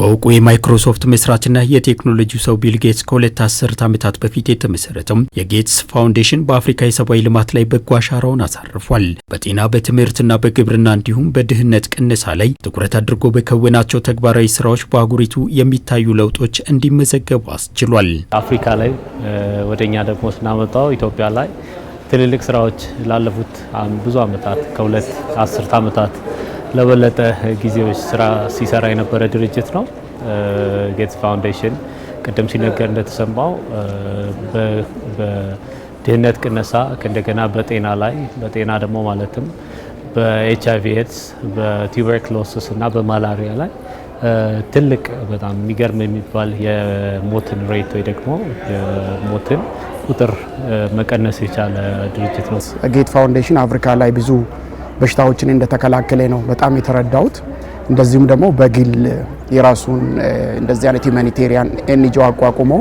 በእውቁ የማይክሮሶፍት መስራችና የቴክኖሎጂ ሰው ቢል ጌትስ ከሁለት አስርት ዓመታት በፊት የተመሠረተው የጌትስ ፋውንዴሽን በአፍሪካ የሰብአዊ ልማት ላይ በጎ አሻራውን አሳርፏል። በጤና በትምህርትና በግብርና እንዲሁም በድህነት ቅነሳ ላይ ትኩረት አድርጎ በከወናቸው ተግባራዊ ስራዎች በአህጉሪቱ የሚታዩ ለውጦች እንዲመዘገቡ አስችሏል። አፍሪካ ላይ ወደ እኛ ደግሞ ስናመጣው ኢትዮጵያ ላይ ትልልቅ ስራዎች ላለፉት ብዙ ዓመታት ከሁለት አስርት ዓመታት ለበለጠ ጊዜዎች ስራ ሲሰራ የነበረ ድርጅት ነው። ጌትስ ፋውንዴሽን ቅድም ሲነገር እንደተሰማው በድህነት ቅነሳ እንደገና በጤና ላይ በጤና ደግሞ ማለትም በኤች አይቪ ኤድስ፣ በቱበርክሎስስ እና በማላሪያ ላይ ትልቅ በጣም የሚገርም የሚባል የሞትን ሬት ወይ ደግሞ የሞትን ቁጥር መቀነስ የቻለ ድርጅት ነው። ጌት ፋውንዴሽን አፍሪካ ላይ ብዙ በሽታዎችን እንደተከላከለ ነው በጣም የተረዳሁት። እንደዚሁም ደግሞ በግል የራሱን እንደዚህ አይነት ሁማኒቴሪያን ኤንጂ አቋቁሞ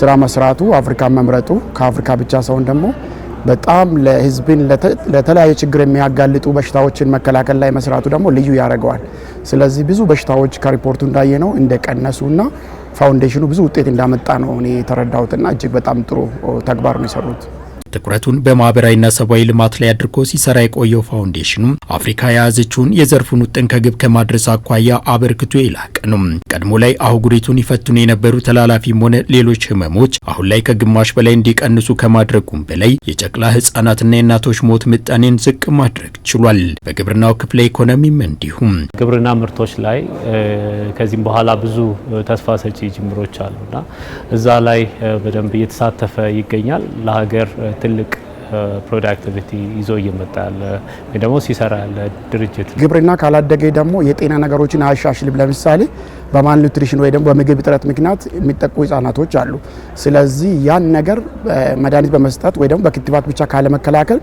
ስራ መስራቱ አፍሪካ መምረጡ ከአፍሪካ ብቻ ሰውን ደግሞ በጣም ለህዝብን ለተለያየ ችግር የሚያጋልጡ በሽታዎችን መከላከል ላይ መስራቱ ደግሞ ልዩ ያደርገዋል። ስለዚህ ብዙ በሽታዎች ከሪፖርቱ እንዳየ ነው እንደቀነሱና ፋውንዴሽኑ ብዙ ውጤት እንዳመጣ ነው እኔ የተረዳሁትና እጅግ በጣም ጥሩ ተግባር ነው የሰሩት። ትኩረቱን በማህበራዊና ሰብአዊ ልማት ላይ አድርጎ ሲሰራ የቆየው ፋውንዴሽኑ አፍሪካ የያዘችውን የዘርፉን ውጥን ከግብ ከማድረስ አኳያ አበርክቶ የላቀ ነው። ቀድሞ ላይ አህጉሪቱን ይፈትኑ የነበሩ ተላላፊም ሆነ ሌሎች ህመሞች አሁን ላይ ከግማሽ በላይ እንዲቀንሱ ከማድረጉም በላይ የጨቅላ ህጻናትና የእናቶች ሞት ምጣኔን ዝቅ ማድረግ ችሏል። በግብርናው ክፍለ ኢኮኖሚም እንዲሁም ግብርና ምርቶች ላይ ከዚህም በኋላ ብዙ ተስፋ ሰጪ ጅምሮች አሉና እዛ ላይ በደንብ እየተሳተፈ ይገኛል ለሀገር ትልቅ ፕሮዳክቲቪቲ ይዞ እየመጣ ወይ ደግሞ ሲሰራ ያለ ድርጅት። ግብርና ካላደገ ደግሞ የጤና ነገሮችን አያሻሽልም። ለምሳሌ በማል ኒውትሪሽን ወይ ደግሞ በምግብ እጥረት ምክንያት የሚጠቁ ህጻናቶች አሉ። ስለዚህ ያን ነገር መድኃኒት በመስጠት ወይ ደግሞ በክትባት ብቻ ካለመከላከል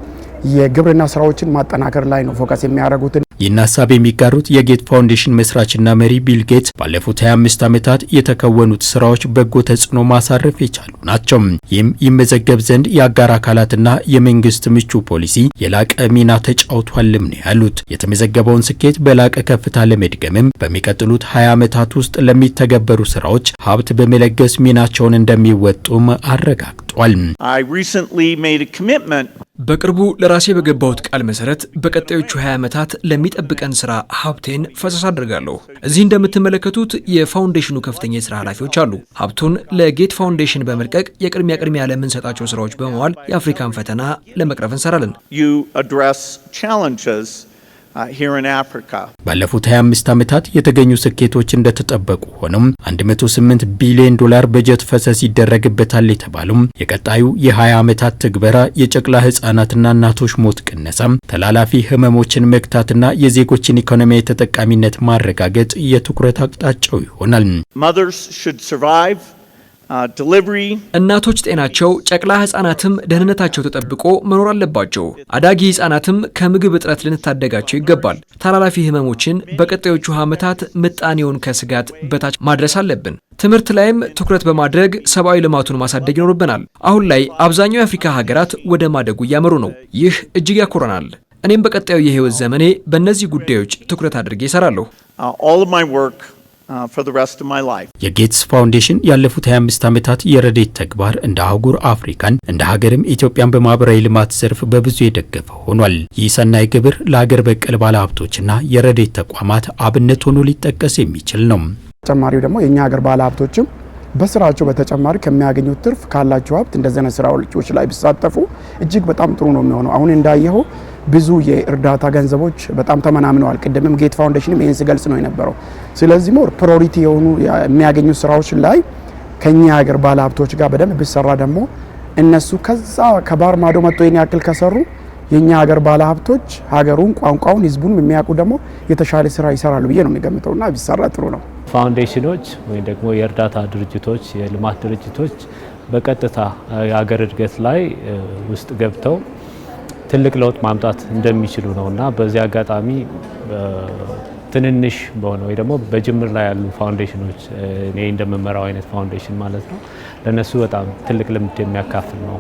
የግብርና ስራዎችን ማጠናከር ላይ ነው ፎከስ የሚያደርጉትን ይህን ሀሳብ የሚጋሩት የጌት ፋውንዴሽን መስራችና መሪ ቢል ጌት ባለፉት 25 ዓመታት የተከወኑት ስራዎች በጎ ተጽዕኖ ማሳረፍ የቻሉ ናቸው። ይህም ይመዘገብ ዘንድ የአጋር አካላትና የመንግስት ምቹ ፖሊሲ የላቀ ሚና ተጫውቷልም ነው ያሉት። የተመዘገበውን ስኬት በላቀ ከፍታ ለመድገምም በሚቀጥሉት 20 ዓመታት ውስጥ ለሚተገበሩ ስራዎች ሀብት በመለገስ ሚናቸውን እንደሚወጡም አረጋግጧል። I recently made a commitment በቅርቡ ለራሴ በገባሁት ቃል መሰረት በቀጣዮቹ 20 ዓመታት ለሚጠብቀን ስራ ሀብቴን ፈሰስ አድርጋለሁ። እዚህ እንደምትመለከቱት የፋውንዴሽኑ ከፍተኛ የስራ ኃላፊዎች አሉ። ሀብቱን ለጌት ፋውንዴሽን በመልቀቅ የቅድሚያ ቅድሚያ ለምንሰጣቸው ስራዎች በመዋል የአፍሪካን ፈተና ለመቅረፍ እንሰራለን። Uh, ባለፉት 25 ዓመታት የተገኙ ስኬቶች እንደተጠበቁ ሆኖም 108 ቢሊዮን ዶላር በጀት ፈሰስ ይደረግበታል የተባሉም የቀጣዩ የ20 ዓመታት ትግበራ የጨቅላ ህጻናትና እናቶች ሞት ቅነሳ ተላላፊ ህመሞችን መግታትና የዜጎችን ኢኮኖሚያዊ ተጠቃሚነት ማረጋገጥ የትኩረት አቅጣጫው ይሆናል። Uh, እናቶች ጤናቸው፣ ጨቅላ ህጻናትም ደህንነታቸው ተጠብቆ መኖር አለባቸው። አዳጊ ህጻናትም ከምግብ እጥረት ልንታደጋቸው ይገባል። ተላላፊ ህመሞችን በቀጣዮቹ ዓመታት ምጣኔውን ከስጋት በታች ማድረስ አለብን። ትምህርት ላይም ትኩረት በማድረግ ሰብአዊ ልማቱን ማሳደግ ይኖርብናል። አሁን ላይ አብዛኛው የአፍሪካ ሀገራት ወደ ማደጉ እያመሩ ነው። ይህ እጅግ ያኮረናል። እኔም በቀጣዩ የህይወት ዘመኔ በእነዚህ ጉዳዮች ትኩረት አድርጌ እሰራለሁ። uh, Uh, የጌትስ ፋውንዴሽን ያለፉት 25 ዓመታት የረዴት ተግባር እንደ አህጉር አፍሪካን እንደ ሀገርም ኢትዮጵያን በማህበራዊ ልማት ዘርፍ በብዙ የደገፈ ሆኗል። ይህ ሰናይ ግብር ለሀገር በቀል ባለሀብቶችና የረዴት ተቋማት አብነት ሆኖ ሊጠቀስ የሚችል ነው። ተጨማሪው ደግሞ የእኛ ሀገር ሀብቶችም በስራቸው በተጨማሪ ከሚያገኙት ትርፍ ካላቸው ሀብት እንደዚህ ዓይነት ስራዎች ላይ ቢሳተፉ እጅግ በጣም ጥሩ ነው የሚሆነው አሁን እንዳየኸው ብዙ የእርዳታ ገንዘቦች በጣም ተመናምነዋል። ቅድምም ጌት ፋውንዴሽንም ይህን ሲገልጽ ነው የነበረው። ስለዚህ ሞር ፕሮሪቲ የሆኑ የሚያገኙ ስራዎች ላይ ከኛ ሀገር ባለ ሀብቶች ጋር በደንብ ቢሰራ ደግሞ እነሱ ከዛ ከባህር ማዶ መጥቶ ይህን ያክል ከሰሩ የእኛ ሀገር ባለሀብቶች ሀገሩን፣ ቋንቋውን፣ ህዝቡን የሚያውቁ ደግሞ የተሻለ ስራ ይሰራሉ ብዬ ነው የሚገምተውና ቢሰራ ጥሩ ነው። ፋውንዴሽኖች ወይም ደግሞ የእርዳታ ድርጅቶች፣ የልማት ድርጅቶች በቀጥታ የሀገር እድገት ላይ ውስጥ ገብተው ትልቅ ለውጥ ማምጣት እንደሚችሉ ነው እና በዚህ አጋጣሚ ትንንሽ በሆነ ወይ ደግሞ በጅምር ላይ ያሉ ፋውንዴሽኖች እኔ እንደምመራው አይነት ፋውንዴሽን ማለት ነው ለእነሱ በጣም ትልቅ ልምድ የሚያካፍል ነው